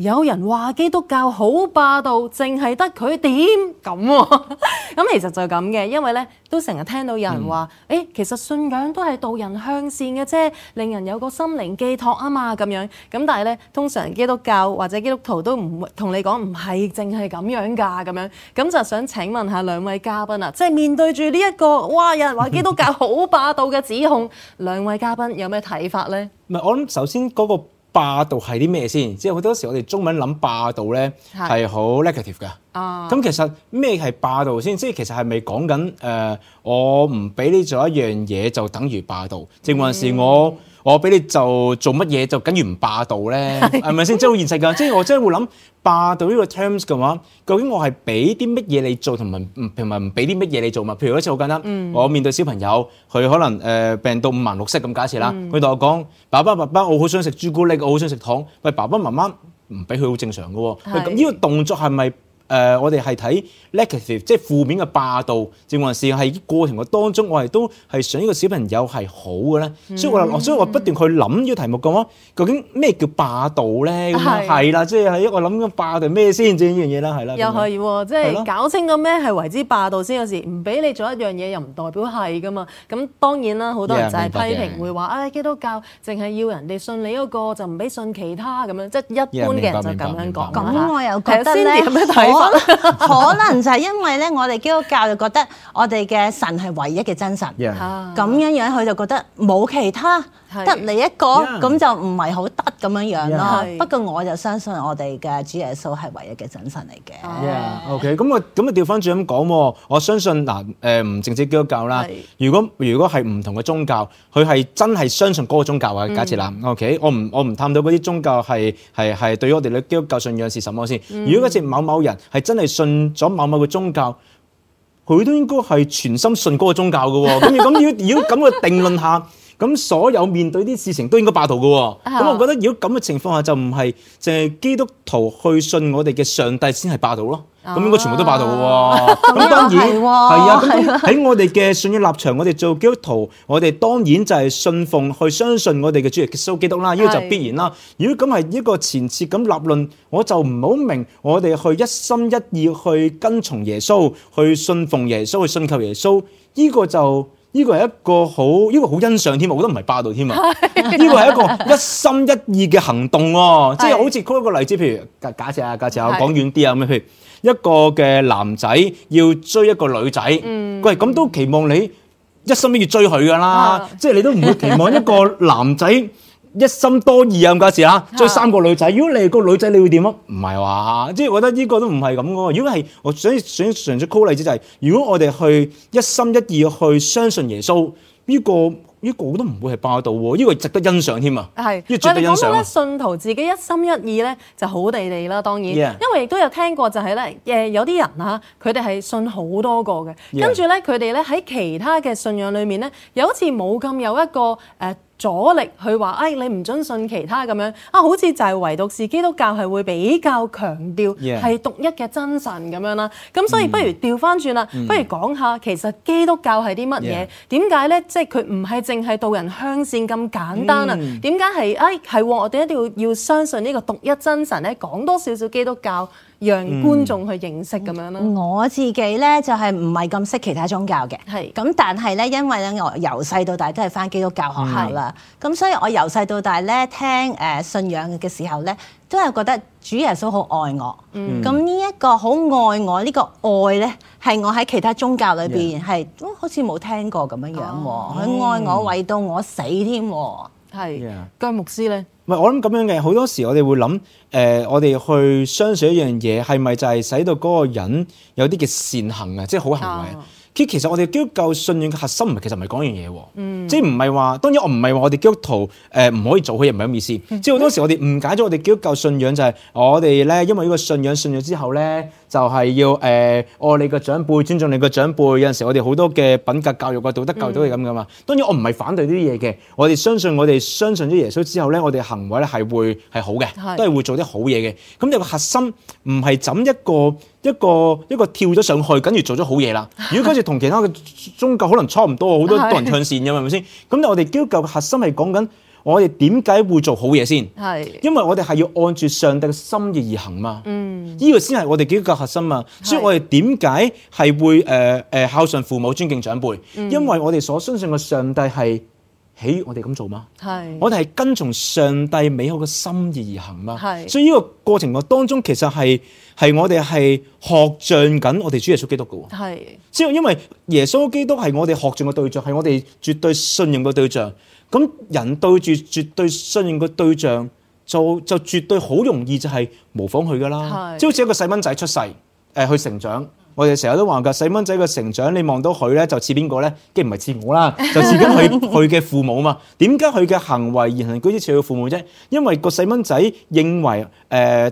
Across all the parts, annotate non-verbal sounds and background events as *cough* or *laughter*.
有人話基督教好霸道，淨係得佢掂咁喎？咁、啊、其實就咁嘅，因為咧都成日聽到有人話、欸：，其實信仰都係導人向善嘅啫，令人有個心靈寄託啊嘛咁樣。咁但係咧，通常基督教或者基督徒都唔同你講，唔係淨係咁樣噶咁樣。咁就想請問下兩位嘉賓啊，即、就、係、是、面對住呢一個哇，有人話基督教好霸道嘅指控， *laughs* 兩位嘉賓有咩睇法呢？唔係，我諗首先嗰、那個。霸道係啲咩先？即係好多時候我哋中文諗霸道咧，係好 negative 嘅。啊！咁其實咩係霸道先？即係其實係咪講緊誒？我唔俾你做一樣嘢，就等於霸道，正、嗯、還是我我俾你做做乜嘢，就等於唔霸道咧？係咪先？即係好現實㗎。即係我真係會諗霸道呢個 *laughs* 霸道呢個 terms 嘅話，究竟我係俾啲乜嘢你做，同埋平埋唔俾啲乜嘢你做嘛？譬如好似好簡單、嗯，我面對小朋友，佢可能誒、呃、病到五顏六色咁，假設啦，佢、嗯、同我講爸爸爸爸，我好想食朱古力，我好想食糖。喂，爸爸媽媽唔俾佢，好正常嘅喎。喂，咁呢個動作係咪？誒、呃，我哋係睇 negative，即係負面嘅霸道，正還是係過程嘅當中，我哋都係想呢個小朋友係好嘅咧、嗯。所以我又、嗯、所以我不斷去諗呢個題目，咁究竟咩叫霸道咧？係啦、啊，即係喺我諗嘅霸道咩先正呢樣嘢啦，係啦。又可喎，即係、啊就是、搞清咗咩係為之霸道先，有時唔俾你做一樣嘢，又唔代表係噶嘛。咁當然啦，好多人就係批評會話誒、哎、基督教淨係要人哋信你嗰個就唔俾信其他咁樣，即係一般嘅人就咁樣講啦嚇。咁我又覺得 *laughs* *laughs* *laughs* 可能，可能就係因為咧，我哋基督教就覺得我哋嘅神係唯一嘅真神，咁樣樣，佢就覺得冇其他。得你一個咁就唔係好得咁樣樣咯。不過我就相信我哋嘅主耶穌係唯一嘅真神嚟嘅。O K. 咁我咁啊，調翻轉咁講喎，我相信嗱，唔、呃、淨止基督教啦。如果如果係唔同嘅宗教，佢係真係相信嗰個宗教啊。假設啦，O K. 我唔我唔探到嗰啲宗教係係係對於我哋嘅基督教信仰是什麼先，嗯。如果嗰次某某人係真係信咗某某嘅宗教，佢都應該係全心信嗰個宗教嘅喎。咁要咁要咁嘅定論下。 *laughs* 咁所有面對啲事情都應該霸道嘅喎，咁、啊、我覺得如果咁嘅情況下就唔係淨係基督徒去信我哋嘅上帝先係霸道咯，咁、啊、應該全部都霸道嘅喎，咁、啊啊、當然係啊，喺、啊啊啊啊、我哋嘅信仰立場，我哋做基督徒，我哋當然就係信奉去相信我哋嘅主耶穌基督啦，呢、這個就必然啦。如果咁係一個前設咁立論，我就唔好明我哋去一心一意去跟從耶穌，去信奉耶穌，去信靠耶穌，呢、這個就。呢個係一個好，呢個好欣賞添，我覺得唔係霸道添啊！呢個係一個一心一意嘅行動喎，即 *laughs* 係好似舉一個例子，譬如假設啊，假設啊，我講遠啲啊咁樣，譬如一個嘅男仔要追一個女仔，佢、嗯、咁都期望你一心一意追佢噶啦，即 *laughs* 係你都唔會期望一個男仔，一心多意啊，唔夠字啊！追三個女仔，如果你係個女仔，你會點啊？唔係話，即係我覺得呢個都唔係咁嘅。如果係，我想想純粹講例子就係，如果我哋去一心一意去相信耶穌，呢、這個呢、這個都唔會係霸道喎。呢、這個值得欣賞添啊！係、這個。你講咧，信徒自己一心一意咧，就好地地啦。當然，yeah. 因為亦都有聽過就係、是、咧，誒有啲人啊，佢哋係信好多個嘅，跟住咧佢哋咧喺其他嘅信仰裡面咧，好沒有好似冇咁有一個誒。呃阻力去話誒你唔準信其他咁樣啊，好似就係唯獨是基督教係會比較強調係獨一嘅真神咁、yeah. 樣啦。咁所以不如調翻轉啦，mm. 不如講下其實基督教係啲乜嘢？點解咧？即係佢唔係淨係導人向善咁簡單啊？點解係誒係？我哋一定要要相信呢個獨一真神咧。講多少少基督教。讓觀眾去認識咁樣咯、嗯。我自己咧就係唔係咁識其他宗教嘅。係。咁但係咧，因為咧我由細到大都係返基督教學校啦。咁所以我由細到大咧聽誒信仰嘅時候咧，都係覺得主耶穌好愛我。嗯。咁呢一個好愛我呢、呢個愛咧，係我喺其他宗教裏邊係好似冇聽過咁樣樣佢、啊、愛我，為到我死添。係。Yeah. 姜牧師咧。我諗咁樣嘅，好多時候我哋會諗，誒、呃、我哋去相信一樣嘢，係咪就係使到嗰個人有啲嘅善行啊？即、就、係、是、好行為啊、哦！其實我哋基督教信仰嘅核心，其實唔係講呢樣嘢喎、嗯，即係唔係話當然不我唔係話我哋基督徒唔、呃、可以做，佢又唔係咁意思。即係好多時我哋誤解咗我哋基督教信仰就係、是、我哋咧，因為呢個信仰信仰之後咧。就係、是、要誒，愛、呃、你個長輩，尊重你個長輩。有陣時候我哋好多嘅品格教育個道德教育都係咁噶嘛。當然我唔係反對呢啲嘢嘅，我哋相信我哋相信咗耶穌之後咧，我哋行為咧係會係好嘅，都係會做啲好嘢嘅。咁你個核心唔係怎一個一個一個，一個跳咗上去，跟住做咗好嘢啦。如果跟住同其他嘅宗教可能差唔多，好 *laughs* 多多人向善嘅係咪先？咁但我哋基督教嘅核心係講緊。我哋點解會做好嘢先？係，因為我哋係要按住上帝嘅心意而行嘛。嗯，呢、這個先係我哋基督教核心啊。所以我哋點解係會誒誒、呃、孝順父母、尊敬長輩？嗯、因為我哋所相信嘅上帝係起我哋咁做嗎？係，我哋係跟從上帝美好嘅心意而行嘛。係，所以呢個過程嘅當中，其實係係我哋係學像緊我哋主耶穌基督嘅。係，即係因為耶穌基督係我哋學像嘅對象，係我哋絕對信任嘅對象。咁人對住絕對信任嘅對象，就就絕對好容易就係模仿佢㗎啦。係，即好似一個細蚊仔出世，誒、呃、去成長。我哋成日都話㗎，細蚊仔嘅成長，你望到佢咧就似邊個咧？既唔係似我啦，就似緊佢佢嘅父母啊嘛。點解佢嘅行為言行舉止似佢父母啫？因為個細蚊仔認為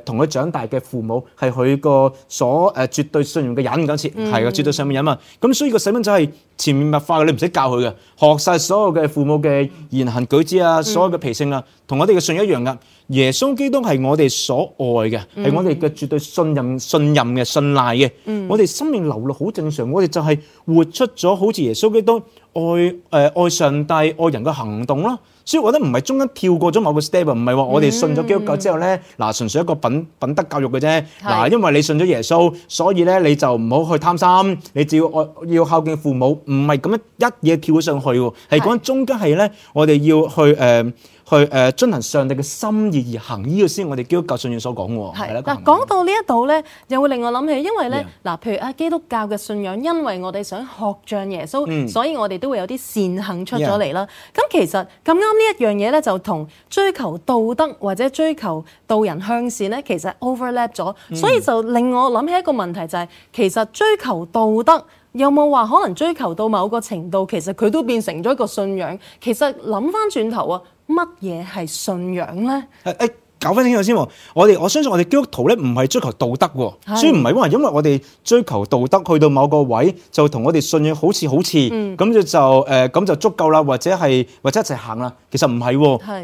同佢、呃、長大嘅父母係佢個所誒絕對信用嘅人嗰次，係、呃、啊，絕對信用嘅人啊嘛。咁所以個細蚊仔係潛移默化嘅，你唔使教佢嘅，學晒所有嘅父母嘅言行舉止啊，所有嘅脾性啊，同我哋嘅信一樣噶。耶穌基督係我哋所愛嘅，係、嗯、我哋嘅絕對信任、信任嘅、信賴嘅、嗯。我哋生命流露好正常，我哋就係活出咗好似耶穌基督愛、呃、愛上帝、愛人嘅行動咯。所以，我覺得唔係中間跳過咗某個 step，唔係話我哋信咗基督教之後咧，嗱，純粹一個品品德教育嘅啫。嗱，因為你信咗耶穌，所以咧你就唔好去貪心，你只要愛要孝敬父母，唔係咁樣一嘢跳上去喎。係講中間係咧，我哋要去誒去誒進行上帝嘅心意而行，呢個先我哋基督教信仰所講嘅喎。係啦。嗱，講到呢一度咧，又會令我諗起，因為咧嗱，譬如啊，基督教嘅信仰，因為我哋想學像耶穌，所以我哋都會有啲善行出咗嚟啦。咁其實咁啱。呢一樣嘢咧，就同追求道德或者追求道人向善咧，其實 overlap 咗，所以就令我諗起一個問題，就係其實追求道德有冇話可能追求到某個程度，其實佢都變成咗一個信仰。其實諗翻轉頭啊，乜嘢係信仰呢？哎搞翻清楚先，我哋我相信我哋基督徒咧唔係追求道德，所以唔係因為因為我哋追求道德去到某個位就同我哋信仰好似好似咁、嗯、就就誒咁就足夠啦，或者係或者一齊行啦。其實唔係，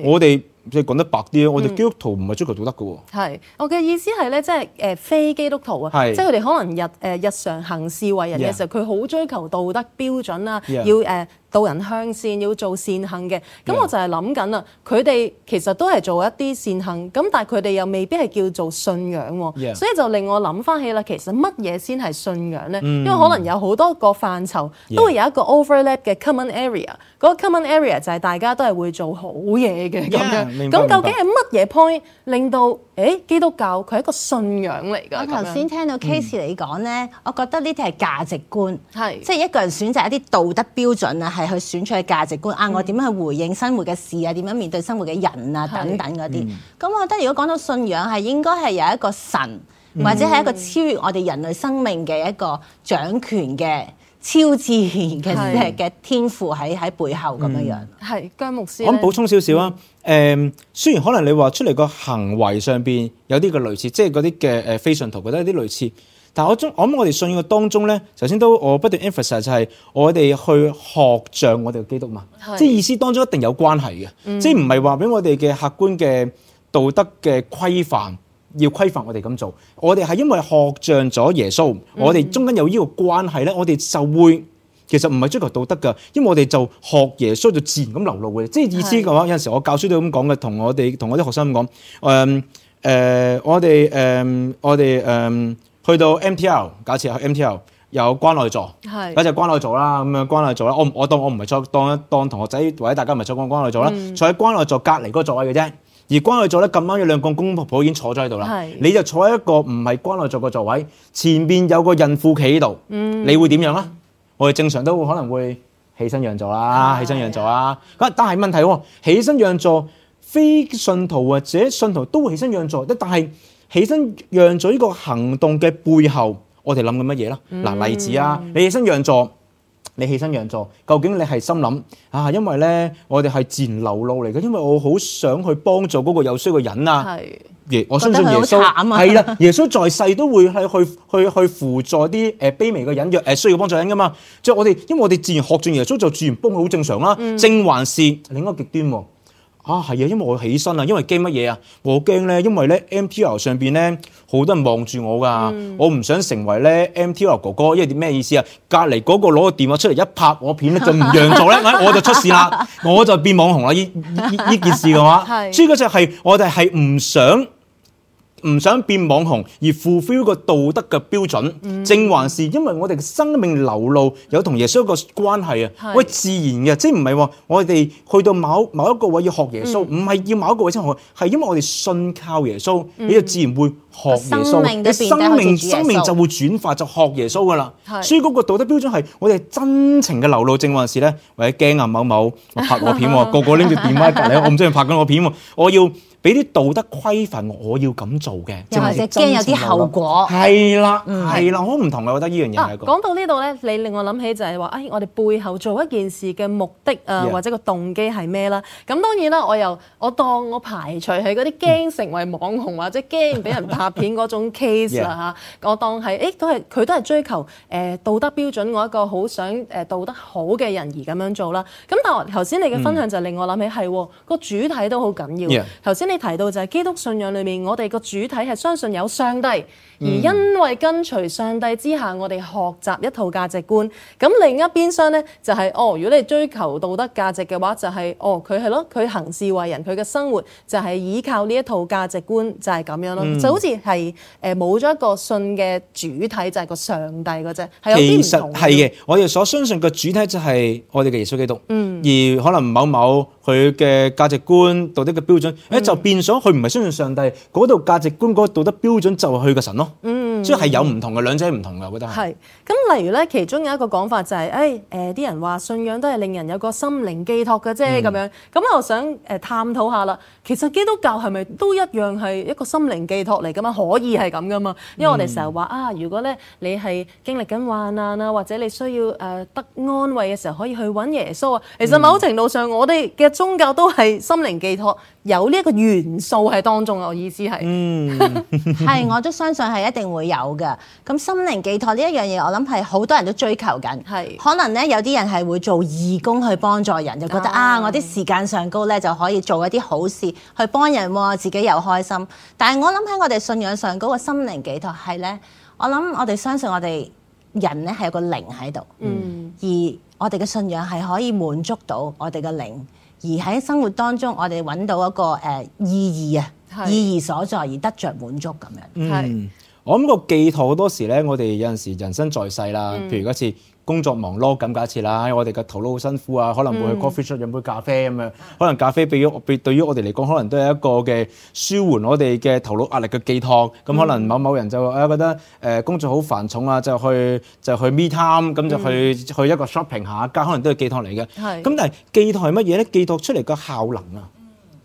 我哋即係講得白啲我哋基督徒唔係追求道德嘅。係我嘅意思係咧，即係非基督徒啊，即係佢哋可能日日常行事為人嘅時候，佢、yeah. 好追求道德標準啊，yeah. 要、呃導人向善，要做善行嘅。咁我就係諗緊啦，佢、yeah. 哋其實都係做一啲善行，咁但係佢哋又未必係叫做信仰、yeah. 所以就令我諗翻起啦，其實乜嘢先係信仰咧？Mm. 因為可能有好多個範疇都會有一個 overlap 嘅 common area。個 common area 就係大家都係會做好嘢嘅。咁、yeah. yeah. 究竟係乜嘢 point 令到誒、欸、基督教佢係一個信仰嚟㗎？我頭先聽到 case 嚟講咧，我覺得呢啲係價值觀，係即係一個人選擇一啲道德標準啊，係。去選取嘅價值觀啊，我點樣去回應生活嘅事啊，點樣面對生活嘅人啊，等等嗰啲。咁、嗯、我覺得如果講到信仰，係應該係有一個神，嗯、或者係一個超越我哋人類生命嘅一個掌權嘅超自然嘅嘅天賦喺喺背後咁樣。係，姜牧師，我諗補充少少啊。誒、嗯，雖然可能你話出嚟個行為上邊有啲個類似，即係嗰啲嘅誒非信徒覺得有啲類似。但我中我諗，我哋信仰嘅當中咧，首先都我不斷 emphasize 就係我哋去學像我哋嘅基督嘛，即係意思當中一定有關係嘅、嗯，即係唔係話俾我哋嘅客觀嘅道德嘅規範要規範我哋咁做，我哋係因為學像咗耶穌，我哋中間有呢個關係咧，我哋就會其實唔係追求道德㗎，因為我哋就學耶穌就自然咁流露嘅，即係意思嘅話是有陣時我教書都咁講嘅，同我哋同我啲學生咁講，誒、嗯、誒、呃、我哋誒、呃、我哋誒。呃去到 MTR，假設去 MTR 有關內座，嗱就關內座啦，咁樣關內座啦，我我當我唔係坐當一當同學仔或者大家唔係坐喺關內座啦，坐喺關內座隔離嗰個座位嘅啫。而關內座咧咁啱有兩個公公婆婆已經坐咗喺度啦，你就坐喺一個唔係關內座嘅座位，前邊有個孕婦企喺度，嗯，你會點樣啊？我哋正常都會可能會起身讓座啦，起身讓座啦。咁但係問題喎，起身讓座，非信徒或者信徒都會起身讓座，但係。起身讓座呢個行動嘅背後，我哋諗緊乜嘢咧？嗱，例子啊，你起身讓座，你起身讓座，究竟你係心諗啊？因為咧，我哋係自然流露嚟嘅，因為我好想去幫助嗰個有需要嘅人啊！耶，我相信耶穌係啦，啊、耶穌在世都會係去去去，去，去輔助啲誒卑微嘅人，若、呃、誒需要幫助人噶、啊、嘛。即係我哋，因為我哋自然學住耶穌，就自然幫佢好正常啦、啊。嗯、正還是另一個極端喎、啊。啊，係啊，因為我起身啊，因為驚乜嘢啊？我驚咧，因為咧 MTR 上邊咧，好多人望住我噶、嗯，我唔想成為咧 MTR 哥哥，因為點咩意思啊？隔籬嗰個攞個電話出嚟一拍我片咧，就唔讓座咧， *laughs* 我就出事啦，我就變網紅啦，呢呢件事嘅話，所以嗰就係、是、我哋係唔想。唔想變網紅而 fulfil 個道德嘅標準、嗯，正還是因為我哋嘅生命流露有同耶穌一個關係啊？喂，自然嘅，即係唔係話我哋去到某某一個位要學耶穌，唔、嗯、係要某一個位先學，係因為我哋信靠耶穌、嗯，你就自然會學耶穌。你、嗯、生命生命就會轉化就學耶穌㗎啦。所以嗰個道德標準係我哋真情嘅流露，正還是咧，或者驚啊某某我拍我片喎， *laughs* 個個拎住電話 *laughs* 隔籬，我唔知係拍緊我片喎，我要俾啲道德規範，我要咁做。是的，又或者驚有啲後果，係、嗯、啦，係啦，好唔同嘅，我覺得呢樣嘢。講到呢度咧，你令我諗起就係話，哎，我哋背後做一件事嘅目的啊，呃 yeah. 或者個動機係咩啦？咁當然啦，我又我當我排除係嗰啲驚成為網紅 *laughs* 或者驚俾人拍片嗰種 case 啦嚇，我當係誒都係佢都係追求誒道德標準，我一個好想誒道德好嘅人而咁樣做啦。咁但係頭先你嘅分享就令我諗起係個 *laughs* 主題都好緊要。頭、yeah. 先你提到就係基督信仰裏面，我哋個主。主體係相信有上帝，而因為跟隨上帝之下，我哋學習一套價值觀。咁另一邊廂、就、呢、是，就係哦，如果你追求道德價值嘅話，就係、是、哦，佢係咯，佢行事為人，佢嘅生活就係依靠呢一套價值觀，就係、是、咁樣咯、嗯。就好似係誒，冇咗一個信嘅主體，就係、是、個上帝嗰隻，係有啲唔同。係嘅，我哋所相信嘅主體就係我哋嘅耶穌基督。嗯，而可能某某佢嘅價值觀、道德嘅標準，誒，就變咗佢唔係相信上帝嗰度價。直觀嗰道德標準就係佢嘅神咯。即係有唔同嘅兩者唔同嘅，我覺得係。咁，例如咧，其中有一個講法就係、是，誒誒啲人話信仰都係令人有個心靈寄託嘅啫，咁、嗯、樣。咁我想誒探討一下啦。其實基督教係咪都一樣係一個心靈寄託嚟嘅嘛？可以係咁嘅嘛？因為我哋成日話啊，如果咧你係經歷緊患難啊，或者你需要誒得安慰嘅時候，可以去揾耶穌啊。其實某程度上，嗯、我哋嘅宗教都係心靈寄託。有呢一個元素喺當中，我意思係，係、嗯、 *laughs* 我都相信係一定會有。有嘅，咁心靈寄託呢一樣嘢，我諗係好多人都追求緊。係可能呢，有啲人係會做義工去幫助人，就覺得、哎、啊，我啲時間上高呢，就可以做一啲好事，去幫人，自己又開心。但係我諗喺我哋信仰上高嘅心靈寄託係呢，我諗我哋相信我哋人呢係有個靈喺度，而我哋嘅信仰係可以滿足到我哋嘅靈，而喺生活當中我哋揾到一個誒、呃、意義啊，意義所在而得着滿足咁樣。嗯嗯我諗個寄託好多時咧，我哋有陣時人生在世啦，譬如嗰次工作忙碌咁假設啦，我哋嘅頭腦好辛苦啊，可能會去 coffee shop 飲杯咖啡咁樣，可能咖啡對於我哋嚟講，可能都係一個嘅舒緩我哋嘅頭腦壓力嘅寄託。咁、嗯、可能某某人就啊覺得誒工作好繁重啊，就去就去 me time 咁就去、嗯、去一個 shopping 下家可能都係寄託嚟嘅。係。咁但係寄託係乜嘢咧？寄託出嚟個效能啊，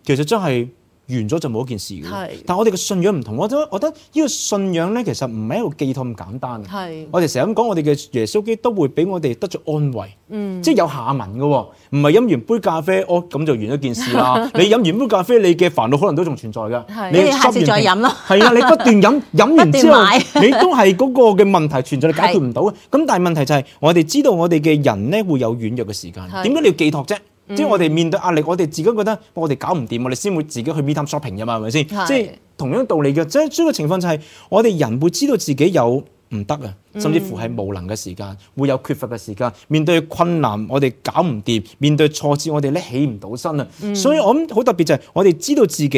其實真係。完咗就冇一件事嘅，但係我哋嘅信仰唔同，我覺得呢個信仰咧，其實唔係一個寄託咁簡單。我哋成日咁講，我哋嘅耶穌基督會俾我哋得著安慰，嗯、即係有下文嘅，唔係飲完杯咖啡，我、哦、咁就完咗件事啦。 *laughs* 你飲完杯咖啡，你嘅煩惱可能都仲存在㗎。你下次再飲咯。係啊，你不斷飲飲 *laughs* 完之後， *laughs* 你都係嗰個嘅問題存在， *laughs* 你解決唔到嘅。咁但係問題就係、是，我哋知道我哋嘅人咧會有軟弱嘅時間，點解你要寄託啫？嗯、即係我哋面對壓力，我哋自己覺得我哋搞唔掂，我哋先會自己去 meet up shopping 嘅嘛，係咪先？即係同樣道理嘅，即係呢個情況就係我哋人會知道自己有唔得啊，甚至乎係無能嘅時間，會有缺乏嘅時間。面對困難，我哋搞唔掂；面對挫折，我哋咧起唔到身啊、嗯。所以我諗好特別就係我哋知道自己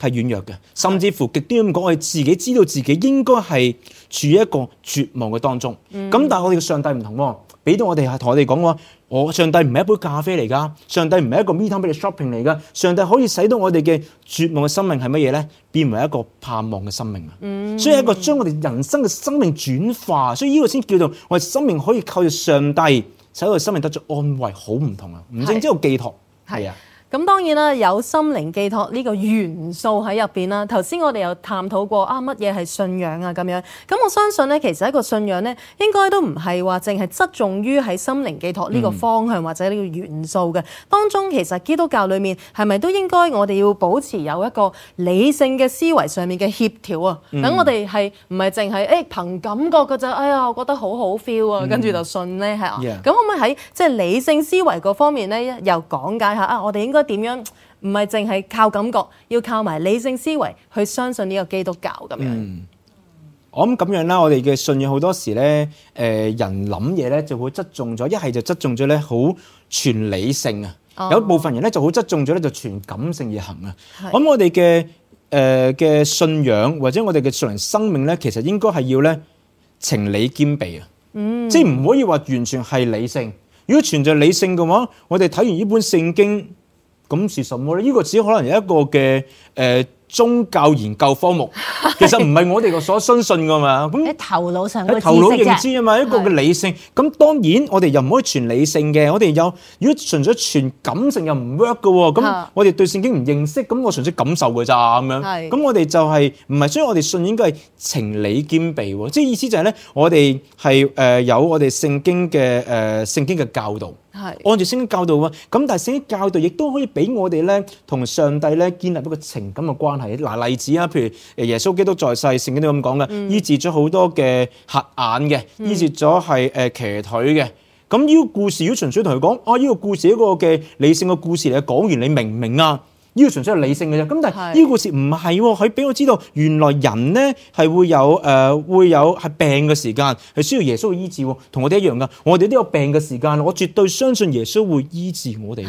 係軟弱嘅，甚至乎極端咁講，我哋自己知道自己應該係處於一個絕望嘅當中。咁、嗯、但係我哋嘅上帝唔同，俾到我哋係同我哋講我上帝唔係一杯咖啡嚟噶，上帝唔係一個 meet up 俾你 shopping 嚟噶，上帝可以使到我哋嘅絕望嘅生命係乜嘢咧？變為一個盼望嘅生命啊、嗯！所以係一個將我哋人生嘅生命轉化，所以呢個先叫做我哋生命可以靠住上帝，使我哋生命得到安慰，好唔同啊！唔正知道寄託啊。咁當然啦，有心靈寄託呢個元素喺入邊啦。頭先我哋有探討過啊，乜嘢係信仰啊咁樣，咁我相信咧，其實一個信仰咧，應該都唔係話淨係側重於喺心靈寄託呢個方向、嗯、或者呢個元素嘅。當中其實基督教裏面係咪都應該我哋要保持有一個理性嘅思維上面嘅協調啊？等、嗯、我哋係唔係淨係誒憑感覺嘅就哎呀，我覺得好好 feel 啊，跟、嗯、住就信咧係啊？咁、yeah. 可唔可以喺即係理性思維嗰方面咧，又講解下啊？我哋應該。點樣唔係淨係靠感覺，要靠埋理性思維去相信呢個基督教咁樣、嗯、樣。我諗咁樣啦，我哋嘅信仰好多時咧，誒、呃，人諗嘢咧就會側重咗，一係就側重咗咧好全理性啊、哦，有部分人咧就好側重咗咧就全感性而行啊。咁我哋嘅誒嘅信仰或者我哋嘅屬靈生命咧，其實應該係要咧情理兼備啊、嗯，即係唔可以話完全係理性。如果全係理性嘅話，我哋睇完呢本聖經。咁是什麼咧？呢、這個只可能係一個嘅、呃、宗教研究科目，其實唔係我哋個所相信噶嘛。咁喺 *laughs* 頭腦上，喺頭腦認知啊嘛，一個嘅理性。咁當然我哋又唔可以全理性嘅，我哋有如果純粹全感情又唔 work 㗎喎。咁我哋對聖經唔認識，咁我純粹感受嘅咋咁樣。咁我哋就係唔係？所以我哋信應該係情理兼備。即係意思就係咧，我哋係有我哋聖經嘅、呃、聖經嘅教導。係按住聖經教導啊，咁但係聖經教導亦都可以俾我哋咧，同上帝咧建立一個情感嘅關係。嗱，例子啊，譬如誒耶穌基督在世，聖經都咁講嘅，醫治咗好多嘅瞎眼嘅，醫治咗係誒騎腿嘅。咁呢個故事，如果純粹同佢講，哦、啊，呢、呢個故事一、呢個嘅理性嘅故事嚟，講完你明唔明啊？呢、這個純粹係理性嘅啫，咁但係呢個故事唔係喎，佢俾我知道原來人咧係會有誒、呃、會有係病嘅時間係需要耶穌去醫治，同我哋一樣㗎。我哋都有病嘅時間，我絕對相信耶穌會醫治我哋。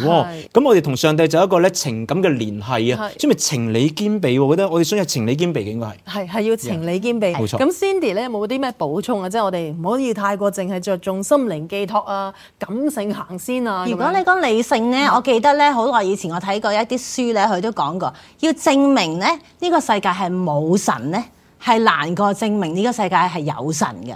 咁我哋同上帝就有一個咧情感嘅聯繫啊，所以咪情理兼備，我覺得我哋需要情理兼備嘅應該係係係要情理兼備。冇錯。咁 Cindy 咧冇啲咩補充啊？即係我哋唔可以太過淨係着重心靈寄託啊、感性行先啊。如果你講理性咧、嗯，我記得咧好耐以前我睇過一啲書。佢都講過，要證明咧呢個世界係冇神咧，係難過證明呢個世界係有神嘅。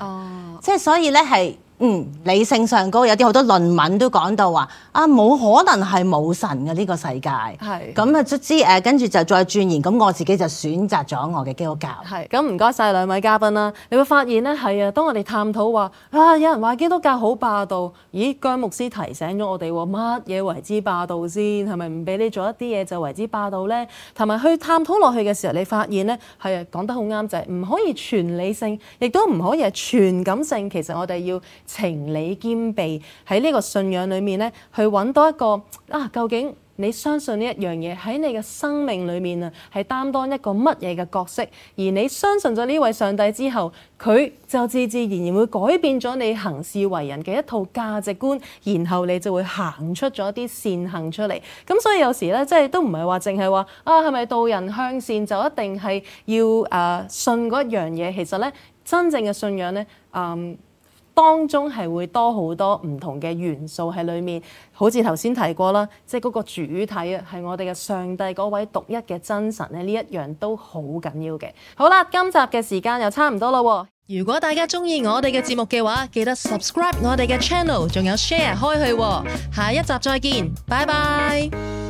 即係、哦、所以咧係。嗯，理性上高，有啲好多論文都講到話啊，冇可能係冇神嘅呢個世界。係，咁啊，之誒跟住就再轉移鑽研。咁我自己就選擇咗我嘅基督教。係，咁唔該晒兩位嘉賓啦。你會發現咧，係啊，當我哋探討話啊，有人話基督教好霸道，咦？姜牧師提醒咗我哋喎，乜嘢為之霸道先？係咪唔俾你做一啲嘢就為之霸道咧？同埋去探討落去嘅時候，你發現咧係啊，講得好啱，就係唔可以全理性，亦都唔可以係全感性。其實我哋要。情理兼備，喺呢個信仰裏面咧，去揾到一個啊！究竟你相信呢一樣嘢喺你嘅生命裏面啊，係擔當一個乜嘢嘅角色？而你相信咗呢位上帝之後，佢就自自然然會改變咗你行事為人嘅一套價值觀，然後你就會行出咗啲善行出嚟。咁所以有時咧，即係都唔係話淨係話啊，係咪導人向善就一定係要誒、啊、信嗰一樣嘢？其實咧，真正嘅信仰咧，嗯。當中係會多好多唔同嘅元素喺裡面，好似頭先提過啦，即係嗰個主體係我哋嘅上帝嗰位獨一嘅真神咧，呢一樣都好緊要嘅。好啦，今集嘅時間又差唔多咯。如果大家中意我哋嘅節目嘅話，記得 subscribe 我哋嘅 channel，仲有 share 開去。下一集再見，拜拜。